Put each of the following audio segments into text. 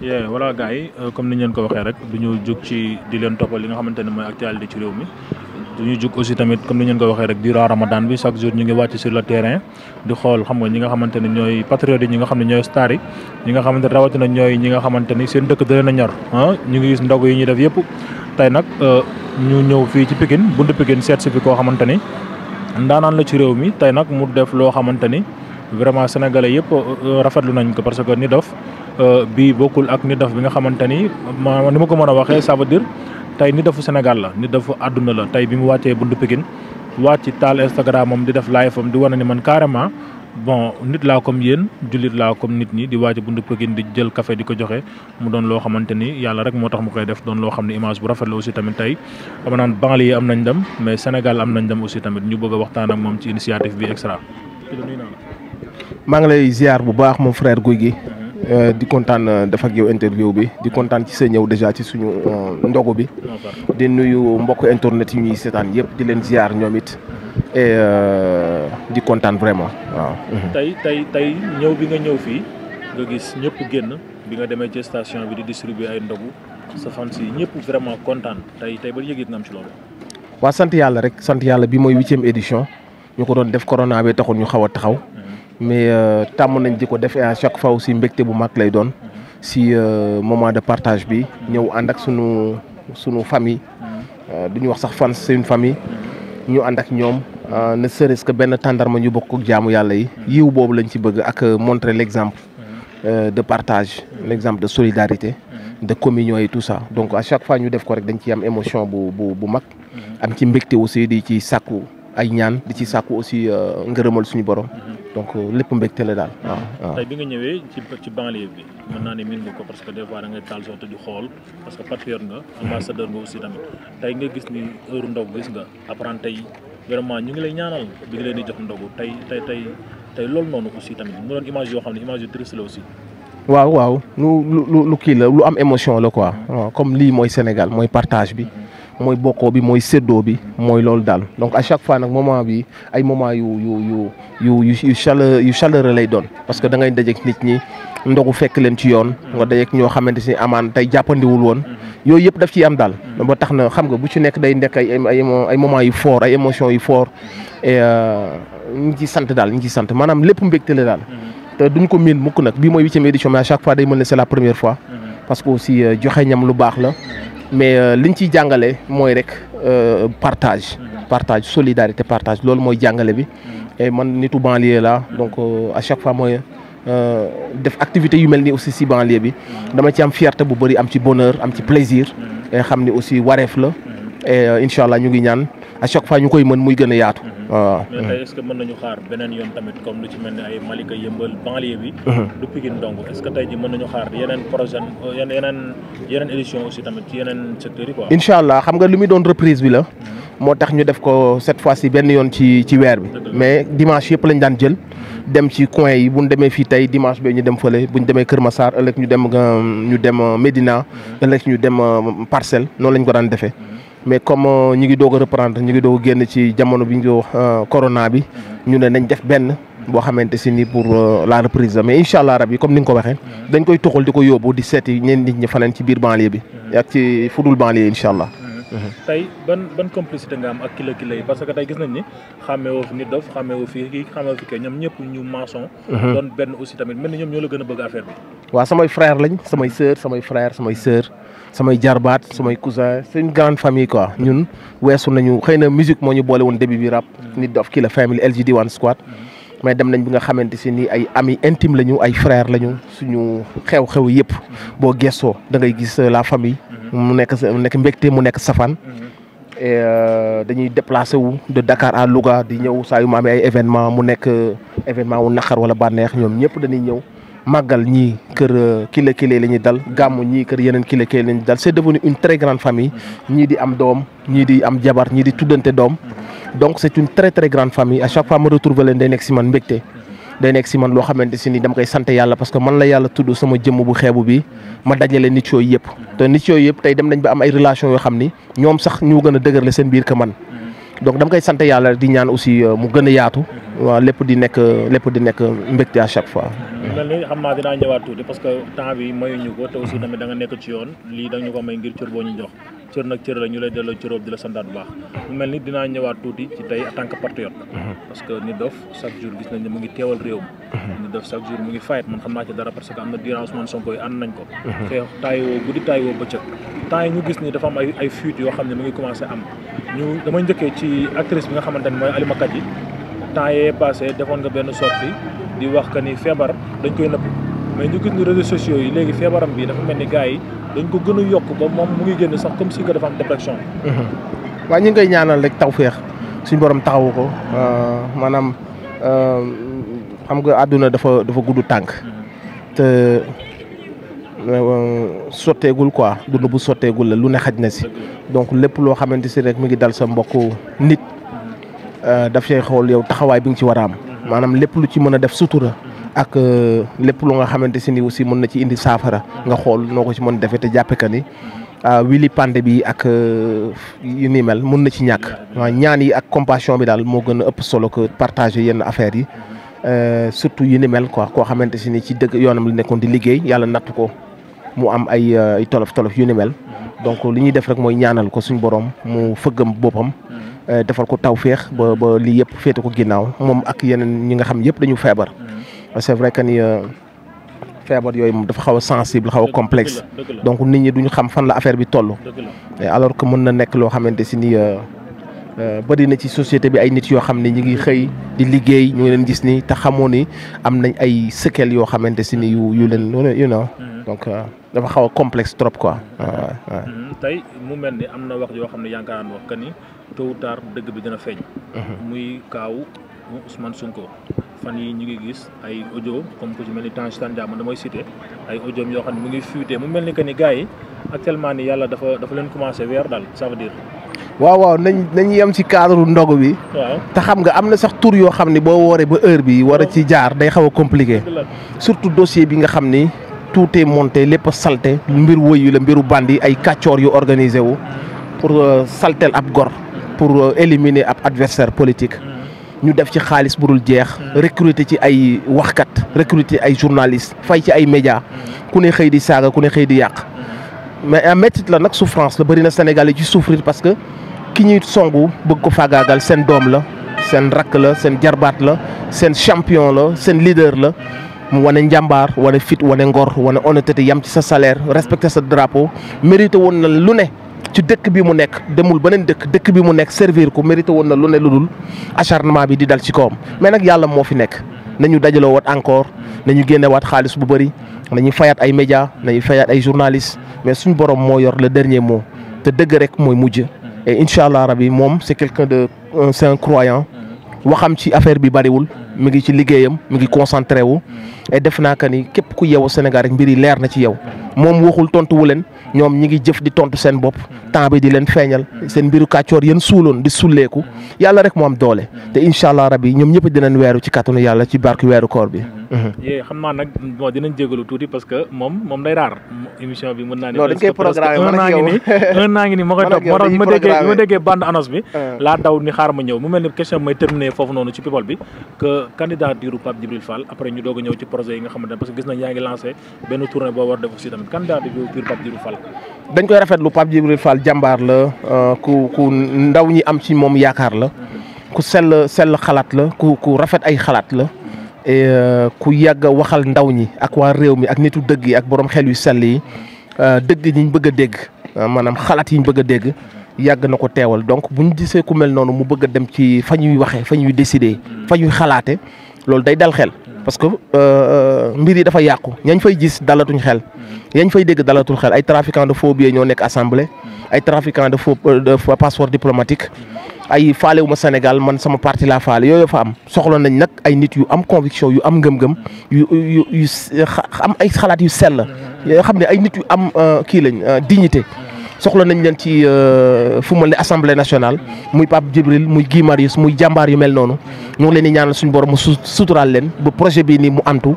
yee voilà gars yi euh, comme ni ñu ko waxee rek du ñu jug ci di leen toppal li nga xamante ne mooy actualité ci réew mi du ñu jug aussi tamit comme ni ñu ko waxee rek durant ramadan bi chaque jour ñu ngi wàcc sur le terrain di xool xam nga ñi nga xamante ne ñooy patriotes yi ñi nga xam ne ñooy star yi ñi nga xamante ne rawatina ñooy nga xamante ni seen dëkk da leen a ñor ah ñu ngi gis ndog yi ñuy def yëpp tey nag euh, ñu ñëw fii ci Pikine buntu Pikine seet si fi koo xamante ni ndaanaan la ci réew mi tey nag mu def loo xamante ni vraiment sénégalais yëpp euh, rafetlu nañ ko parce que ni Euh, bii bokkul ak nit daf bi nga xamante ni ma ni ma ko mën a waxee ça tey nit dafu Sénégal la nit dafu àdduna la tey bi mu wàccee buntu Pikine wàcc taal Instagram moom di def live am di wane ni man carrément bon nit laa comme yéen jullit laa comme nit ñi di wàcc buntu Pikine di jël café di ko joxe mu doon loo xamante ni yàlla rek moo tax ma koy def doon loo xam ne image bu rafet la aussi tamit tey dama naan yi am na dem mais Sénégal am nañ dem tamit ñu bëgg a waxtaan ak moom ci Euh, di kontaan euh, def ak yow interview bi di kontaan ci sa ñëw déjà ci suñu euh, ndogu bi di nuyu mbokk internet yi ñuy seetaan yëpp di leen ziar ñoom it di kontaan vraiment waaw. Mhm. tey tey tey ñëw bi nga ñëw fii nga gis ñëpp génn bi nga demee ci station bi di distribuer ay ndogu sa fans si ñëpp vraiment kontaan tey tey ba yëg-yëg nga am ci loolu. waa sant yàlla rek sant yàlla bi mooy huitième édition ñu ko doon def corona bi taxul ñu xaw a taxaw. mais euh, tàmm nañ di ko def à chaque fois aussi mbégte bu mag lay doon si euh, moment de partage bi ñëw ànd ak sunu sunu famille euh, du ñu wax sax fan c'est une famille ñu ànd ak ñoom ne serait-ce que benn tàndarma ñu bokk jaamu yàlla yi yiw boobu lañ ci bëgg ak montrer l'exemple de partage l'exemple de solidarité de communion et tout ça donc à chaque fois ñu def ko rek dañ ci am émotion bu bu bu mag am ci mbégte aussi di ci sàkku ay ñaan di ci sàkku aussi ngërëmal suñu borom donc euh, lépp mbégte la daal tey bi nga ñëwee ci ci bi mën naa ne miin nga ko parce que des fois da ngay taal soo di xool parce que patriote nga ambassadeur nga aussi tamit tey nga gis ni heure ndog gis nga apprenti tey vraiment ñu ngi lay ñaanal bi ngi leen di jox ndogu tey tey tey tey loolu noonu aussi tamit mu doon image yoo xam ne image yu triste la aussi waaw waaw lu lu lu kii la lu am émotion la quoi mm-hmm. comme lii mooy Sénégal mooy partage bi mm-hmm. mooy bokkoo bi mooy séddoo bi mooy loolu daal donc à chaque fois nag moment bi ay moment yu yu yu yu yu chaleur yu lay doon parce que da ngay dajeek nit ñi ndogu fekk leen ci yoon nga dajeek ñoo xamante si amaan tey jàppandiwul woon yooyu yëpp daf ciy am daal ba tax na xam nga bu ci nekk day ndekk ay ay moment yu fort ay émotion yu foor et euh, ñu ngi sant daal ñu ngi ciy sant maanaam lépp mbégte la daal te duñ ko miin mukk nag bii mooy huitième édition mais à chaque fois day mm-hmm. que aussi euh, joxe lu baax la mais euh, liñ ciy jàngale mooy rek euh, partage partage solidarité partage loolu mooy jàngale bi et man nitu banlieue la donc euh, à chaque fois mooy def activité yu mel nii aussi si banlieue bi dama ci am fierté bu bëri am ci bonheur am ci plaisir et xam ni aussi wareef la e incha allah ñu ngi ñaan à chaque fois ñu koy mën muy gën a yaatu. Mhm. waaw mais tey mhm. est-ce que mën nañu xaar beneen yoon tamit comme lu ci mel ne ay Malika yëmbal banlieue bi. Mhm. du Pikine dong est que tey jii mën nañu xaar yeneen projet yeneen yeneen yeneen incha allah xam nga li mu doon reprise bi la. moo tax ñu def ko cette fois si benn yoon ci ci weer bi. mais dimanche yëpp lañ daan jël. dem ci coin yi bu ñu demee fii tey dimanche bi ñu dem fële bu ñu demee Kër Massar ëllëg ñu dem euh, ñu dem euh, Médina. ëllëg ñu dem euh, Parcelles noonu lañ ko daan defee. mais comme euh, ñu ngi doog reprendre ñu ngi doog a génn ci jamono bi ñu euh, corona bi ñu ne nañ def benn boo xamante si ni pour euh, la reprise la mais incha allah rab yi comme ni nga ko waxee dañ koy toxal di ko yóbbu di seeti ñenn nit ñi faneen ci biir banlieue bi ak ci fudul banlieue incha allah. tey ban ban complicité nga am ak kila kila yi parce que tey gis nañ ni xàmmeewoo fi nit dof xàmmeewoo fi kii xàmmeewoo fi kii ñoom ñëpp ñu maçon mhm. doon benn aussi tamit mel ni ñoom ñoo la gën a bëgg affaire bi waaw samay frère lañ samay sœur samay frère samay sœur samay jarbaat samay cousin c'est une grande famille quoi ñun weesu nañu xëy na musique moo ñu boole woon début bi rap mhm. nit dof kila family LG Diwane squad mhm. mais dem nañ bi nga xamante si ni ay ami intime lañu ay frère lañu suñu xew-xew yëpp boo gëstoo da ngay gis euh, la famille mu nekk mu nekk mbégte mu nekk safaan. Mm-hmm. Euh, dañuy déplacé wu de Dakar à Louga di ñëw saa yu ma amee ay événement mu nekk événement wu naqar wala bànneex ñoom ñëpp dañuy ñëw. màggal ñii kër euh, kile kile la ñuy dal gàmmu ñii kër yeneen kile kile la ñuy dal c'est devenu une très grande famille mm-hmm. ñii di am doom ñii di am jabar ñii di tuddante doom mm-hmm. donc c'est une très très grande famille à chaque fois ma leen day nekk si man mbégte. day nekk si man loo xamante si ni dama koy sant yàlla parce que man la yàlla tudd sama jëmm bu xeebu bi ma dajale nit yooyu yëpp te nit yooyu yëpp tey dem nañ ba am ay relation yoo xam ni ñoom sax ñu gën a dëgërle seen biir que man donc dama koy sant yàlla di ñaan aussi euh, mu gën a yaatu waaw lépp di nekk lépp di nekk mbégte à chaque fois. mel ni xam naa dinaa ñëwaat tuuti parce que temps bi mayuñu ko te aussi tamit nekk ci yoon lii dañu ko may ngir cër boo ñu jox. cër nag cër la ñu lay delloo cëroob di la sandaat bu baax mel ni dinaa ñëwaat tuuti ci tey en tant mhm. parce que Nit Doff chaque jour gis nañ ne mu ngi teewal réew mi mhm. Nit Doff chaque jour mu ngi fayet man xam naa ci dara parce que am na durant Ousmane Sonko yi ànd nañ ko mhm. xeex taayoo guddi taayoo bëccëg temps ñu gis ni dafa am ay fuite yoo xam ne mu ngi commencé am ñu dama njëkkee ci actrice bi nga xamante mooy Alima Kadji temps yee defoon nga benn wax que ni mais ñu gis ni réseaux sociaux yi léegi feebaram bi dafa mel ni gars yi dañ ko gën yokk ba moom mu ngi génn sax comme si que dafa am dépression. waaye ñu ngi koy ñaanal rek tawféex suñu borom taxawu ko euh, maanaam euh, xam nga àdduna dafa dafa gudd tànk te euh, sotteegul quoi dund bu soteegul la lu ne xaj na si donc lépp loo xamante si rek mi ngi dal sa mbokk nit daf cay xool yow taxawaay bi nga ci war a lépp lu ci mën a def sutura. ak euh, lépp lu nga xamante si nii aussi mën na ci indi saafara nga xool noo ko ci mën defee te jàppe ka ni euh, wili pande bi ak euh, yu ni mel mën na ci ñàkk waaw ñaan yi ak compassion bi daal moo gën a ëpp solo que partage yenn affaires yi surtout yu ni mel koo xamante si ni ci dëgg yoonam la nekkoon di liggéey yàlla natt ko mu am ay ay tolof yu ni mel donc li ñuy def rek mooy ñaanal ko suñ boroom mu fëggam boppam defal ko taw feex ba ba lii yëpp féete ko ginnaaw moom ak yeneen ñi nga xam yëpp dañu feebar c'est vrai que ni euh, feebar yooyu moom dafa xaw a sensible xaw a complexe donc nit ñi duñu xam fan la affaire bi toll alors que mën na nekk loo xamante si ni euh, euh, bëri na ci société bi ay nit yoo xam ne ñi ngi xëy di liggéey ñu ngi leen gis nii te xamoo ni am nañ ay séquelles yoo xamante si ni yu yu leen you know mhm. donc dafa xaw a complexe trop quoi mhm. tey mu mel ni am na wax yoo xam ne yaa ngi wax que ni tôt ou tard dëgg bi dina feeñ mhm. muy kaaw Ousmane Sonko fan yi ñu ngi gis ay audio ni Tange Tandian man damay cité ay audio yoo xam ne mel ni que ni gars yi actuellement ni yàlla dafa dafa leen commencé weer daal ça veut dire. waaw waaw nañ nañ yem ci cadre ndog bi. te xam nga am na sax tur yoo xam ne boo wooree ba heure bi war a ci jaar day xaw a compliqué. surtout dossier bi nga xam ni tout est monté lépp salte mbir mbir yu la mbiru bandi ay kàccoor yu organisé wu pour euh, saltel ab gor. pour euh, éliminer ab adversaire politique. Mm. ñu def ci xaalis bu dul jeex. Hmm. recruter ci ay waxkat. recruter ay journaliste fay ci ay média hmm. ku ne xëy di saaga ku ne xëy di yàq. Hmm. mais en ah, métit la nag souffrance la bëri na Sénégal yi ci souffrir parce que ki ñuy songu bëgg ko faagaagal seen doom la seen rakk la seen jarbaat la seen champion la seen leader la. mu wane njàmbaar wane fit wane ngor wane honnêteté yam ci sa salaire respecter sa drapo mérité woon na lu ne. ci dëkk bi mu nekk demul beneen dëkk dëkk bi mu nekk servir ko mérité woon na lu ne lu dul acharnement bi di dal ci kawam mais nag yàlla moo fi nekk nañu dajaloo waat encore na ñu génne génnewaat xaalis bu bëri ñuy fayaat ay médias nañu fayaat ay journalistes mais suñ borom moo yor le dernier mot te dëgg rek mooy mujj et incha allah rab yi moom c'est quelqu'un de c'est un croyant waxam ci affaire bi bariwul mi ngi ci liggéeyam mi ngi concentré wu. et def naa que ni képp ku yeewu Sénégal rek mbir yi leer na ci yow moom waxul tontu wu leen ñoom ñi ngi jëf di tontu seen bopp temps bi di leen feeñal seen mbiru kàccoor yéen suuloon di sulleeku yàlla rek moo doole te incha allah rabi ñoom ñëpp dinañ weeru ci kattanu yàlla ci barki weeru koor bi. moom moom raar émission bi ngi nii ma koy topp moo tax ma déggee bi. Ah. laa daw ni xaar ma ñëw mu mel ni question bi may terminer foofu noonu ci people bi a projet yi nga xamante ne parce que gis nañ yaa ngi lancé benn tournée boo war def aussi tamit candidat bi pour Pape Djibril Fall dañ koy rafetlu Pape Djibril Fall jàmbaar la euh, ku ndaw ñi am ci moom yaakaar la ku sell sell xalaat la ku ku rafet ay xalaat la et euh, ku yàgg waxal ndaw ñi ak waa réew mi ak nitu dëgg yi ak borom xel yu sell yi euh, dëgg yi ñu bëgg a dégg maanaam xalaat yi ñu bëgg a dégg yàgg na ko teewal donc bu ñu gisee ku mel noonu mu bëgg a dem ci fa ñuy waxee fa ñuy décider fa ñuy xalaate loolu day dal xel parce que mbir yi dafa yàqu ñañ fay gis dalatuñ xel yañ fay dégg dalatul xel ay trafiquants de faux billets ñoo nekk assemblée ay trafiquants de faux de passeport diplomatique ay faale ma Sénégal man sama partie la faale yooyu fa am soxla nañ nag ay nit yu am conviction yu am ngëm-ngëm yu yu ay xalaat yu sell yoo xam ne ay nit yu am kii lañ dignité soxla nañ leen ci euh, fu mu ne assemblée nationale muy Pape Djibril muy Guy Marius muy jàmbaar yu mel noonu ñu ngi leen di ñaanal suñu borom mu suturaal leen ba projet bi nii mu antu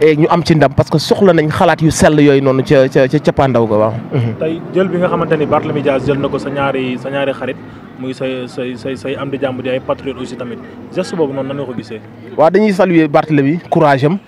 et ñu am ci ndam parce que soxla nañ xalaat yu sell yooyu noonu ca ca ca cappaandaw ga waaw. Mhm. tey jël nga xamante ni Barthélémy Dias na ko sa ñaari sa xarit muy say say say say am di jàmm di ay patriote aussi tamit geste boobu noonu nan nga ko gisee. waaw dañuy saluer Barthélémy courage am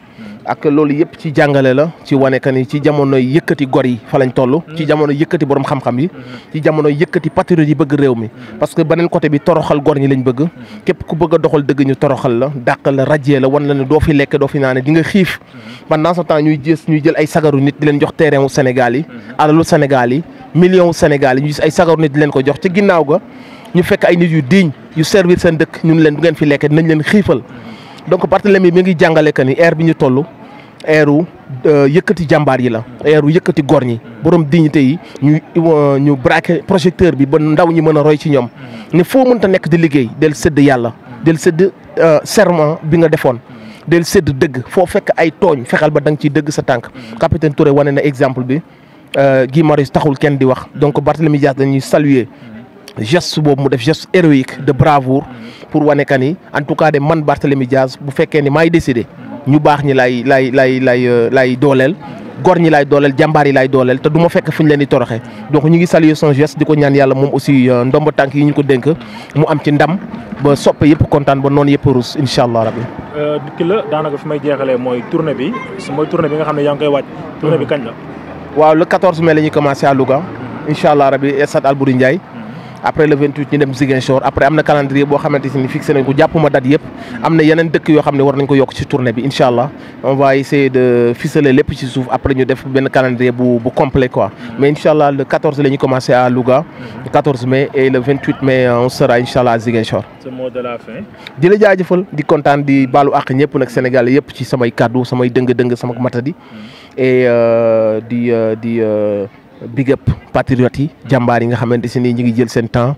ak loolu yëpp ci jàngale la ci wane que ni ci jamono yëkkati gor yi fa lañ toll. ci mm. jamono yëkkati borom xam-xam yi. Mm-hmm. ci jamono yëkkati patriote yi bëgg réew mi. Mm-hmm. parce que beneen côté bi toroxal gor ñi lañ bëgg. Mm-hmm. képp ku bëgg a doxal dëgg ñu toroxal la dàq la rajee la wan la ne doo fi lekk doo fi naane di xiif. pendant ce temps ñuy jël ay sagaru nit di leen jox terrain wu yi. alalu Sénégal yi million wu Sénégal yi ñu gis ay sagaru nit eeru euh, yëkkati jambaar yi la eeru yëkkati góor ñi borom dignité yi ñu euh, ñu braqué projecteur bi ba ndaw ñi mën a roy ci ñoom ne foo ta nekk di liggéey del sëdd yàlla del sëdd euh, serment bi nga defoon del sëdd dëgg foo fekk ay tooñ fexeel ba da nga ciy dëgg sa tànk capitaine Touré wane na exemple bi gii Marius taxul kenn di wax donc Barthélémy Dias dañuy saluer geste boobu mu def geste héroïque de bravoure pour wane ka ni en tout cas de man Barthélémy Dias bu fekkee ni maay décidé ñu baax ñi laay laay laay euh, dooleel gor ñi laay dooleel jàmbaar yi laay dooleel te du ma fekk fu ñu leen di toroxe donc ñu ngi saluer son geste di ko ñaan yàlla moom aussi euh, ndomba tànk yi ñu ko dénk mu am ci ndam ba soppe yëpp kontaan ba noon yëpp ruus incha allah rabbi. Euh, ki la daanaka fi may jeexalee mooy tournée bi mooy tournée bi nga xam ne yaa ngi koy waaj. tournée bi hmm. kañ la. waaw le 14 mai la ñuy commencé à Louga. incha allah rabbi stade Albouri après le 28 ñu dem Ziguinchor après am na calendrier boo xamante ni fixé nañ ko jàppuma date yëpp am na yeneen dëkk yoo xam ne war nañ ko yokk ci tournée bi incha allah on va essayer de lépp ci suuf après ñu def benn calendrier bu bu complet quoi. mais incha allah la ñu commencé à Louga. le mais mai et le 28 mai euh, on sera incha allah à Ziguinchor. ce mot de di la jaajëfal di kontaan di baalu ñëpp nag Sénégal yëpp ci samay kaddu samay dëng-dëng sama matadi. Euh, di euh, di. big up patriotes yi jàmbaar yi nga xamante si nii ñu ngi jël seen temps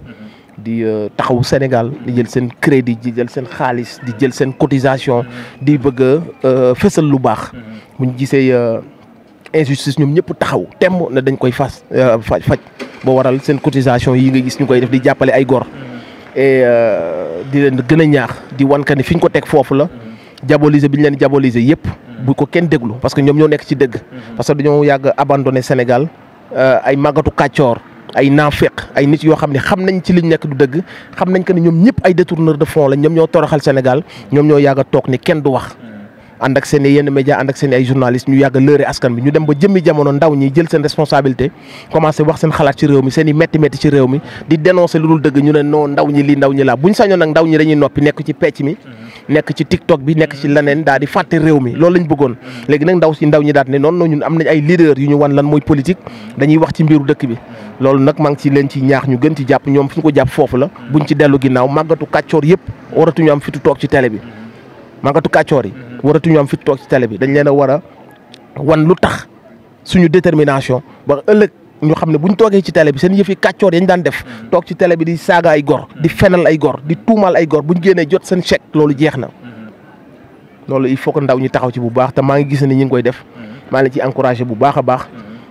di euh, taxawu Sénégal di jël seen crédit di jël seen xaalis di jël seen cotisation di bëgg a euh, fësal lu baax bu ñu gisee euh, injustice ñoom ñëpp taxaw tem na dañ koy fas faj boo waral seen cotisation yi nga gis ñu koy def di jàppale ay gor et di leen gën a ñaax di wan ka ni fi ñu ko teg foofu la diaboliser bi ñu leen diaboliser yëpp bu ko kenn déglu parce que ñoom ñoo nekk ci dëgg parce que dañoo yàgg abandonné Sénégal Euh, ay màggatu kàccoor ay naafeq ay nit yoo xam ne xam nañ ci liñ nekk du dëgg xam nañ que ne ñoom ñëpp ay détourneur de fonds la ñoom ñoo toroxal Sénégal ñoom ñoo yàgg toog ne kenn du wax. ànd ak seen yenn média ànd ak seen ay journaliste ñu yàgg a lëre askan bi ñu dem ba jëmmi jamono ndaw ñi jël seen responsabilité commencé wax seen xalaat ci réew mi seen i métti métti ci réew mi di dénoncer lu dul dëgg ñu ne non ndaw ñi li ndaw ñi laa buñ sañoon nag ndaw ñi dañuy noppi nekk ci pecc mi mm-hmm. nekk ci tiktok bi nekk ci mm-hmm. leneen daal di fàtte réew mi loolu lañ bëggoon mm-hmm. léegi nag ndaw si ñi daat ne noonu noonu ñun am nañ ay leader yu ñu wan lan mooy politique dañuy wax ci mbiru dëkk bi loolu nag maa ngi ci leen ci ñaax ñu gën ci jàpp ñoom fu ko jàpp foofu la buñ ci dellu ginnaaw màggatu kàccoor yëpp waratuñu am fitu toog ci télé bi màggatu kàccoor yi waratuñu am fi toog ci télé bi dañ leen a war a wan lu tax suñu détermination ba ëllëg ñu xam ne bu ñu toogee ci télé bi seen yëfi kàccoor yañ daan def toog ci télé bi di saaga ay gor di fenal ay gor di tuumal ay gor bu ñu génnee jot seen chèque loolu jeex na loolu il faut que ndaw ñi taxaw ci bu baax te maa ngi gis ne ñu ngi koy def maa ngi leen ci encouragé bu baax a baax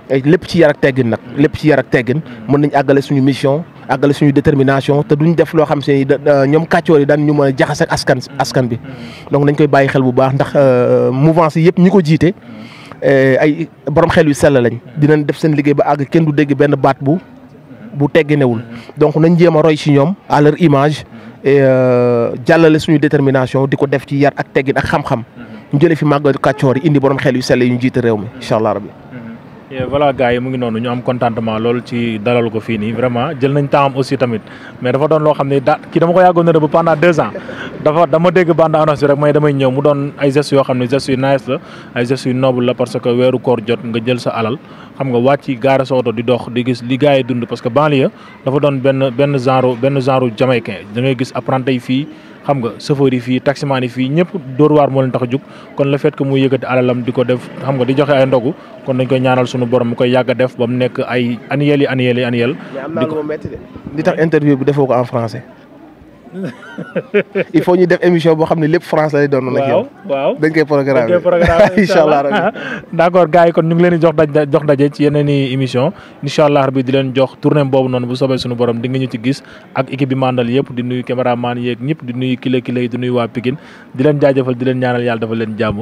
lépp ci yar teggin nag lépp ci yar ak teggin mën nañ àggale suñu mission àggale suñu détermination te duñ def loo xam si euh, ñoom kàccoor yi daan ñu mën a jaxase ak askan askan bi donc nañ koy bàyyi xel bu baax ndax euh, mouvance yi yëpp ñi ko jiite euh, ay borom xel yu sell lañ dinañ def seen liggéey ba àgg kenn du dégg benn baat bu bu tegginewul donc nañ jéem a roy si ñoom à image et jàllale suñu détermination di ko def ci yar ak teggin ak xam-xam ñu fi màggatu kàccoor yi indi borom xel yu sell yi ñu jiite réew mi incha allah rabbi voilà gars yi mu ngi noonu ñu am contentement lool ci dalal ko fii nii vraiment jël nañ temps aussi tamit mais dafa doon loo xam ne da kii dama ko yàggoon na ba pendant deux ans dafa dama dégg bande annonce bi rek mooy damay ñëw mu doon ay gestes yoo xam ne gestes yu nice la ay gestes yu noble la parce que weeru koor jot nga jël sa alal xam nga wàcc gaare sa oto di dox di gis li gars yi dund parce que banlieue dafa doon benn benn genre benn genre jamaïcain da ngay gis apprenti yi fii xam nga chauffeur yi fii taximaan yi fii ñëpp dóor waar moo leen tax a jug kon le fait que muy yëkkati alalam di ko def xam nga di joxe ay ndogu kon dañ koy ñaanal sunu borom mu koy yàgg def ba mu nekk ay annuel yi annuel yi annuel. di tax interview bi defoo ko en français. il faut ñu def émission boo xam ne lépp France lay doon. waaw waaw dañ koy programme incha allah d' accord yi kon ñu ngi jox daj jox daje ci yeneen i émission incha allah bi di leen jox tournée boobu noonu bu soobee suñu borom di nga ñu ci gis ak équipe bi mandal yëpp di nuyu caméraman yeeg ñëpp di nuyu kile kile yi di nuyu waa Pikine di leen jaajëfal di leen ñaanal yàlla dafa leen jàmm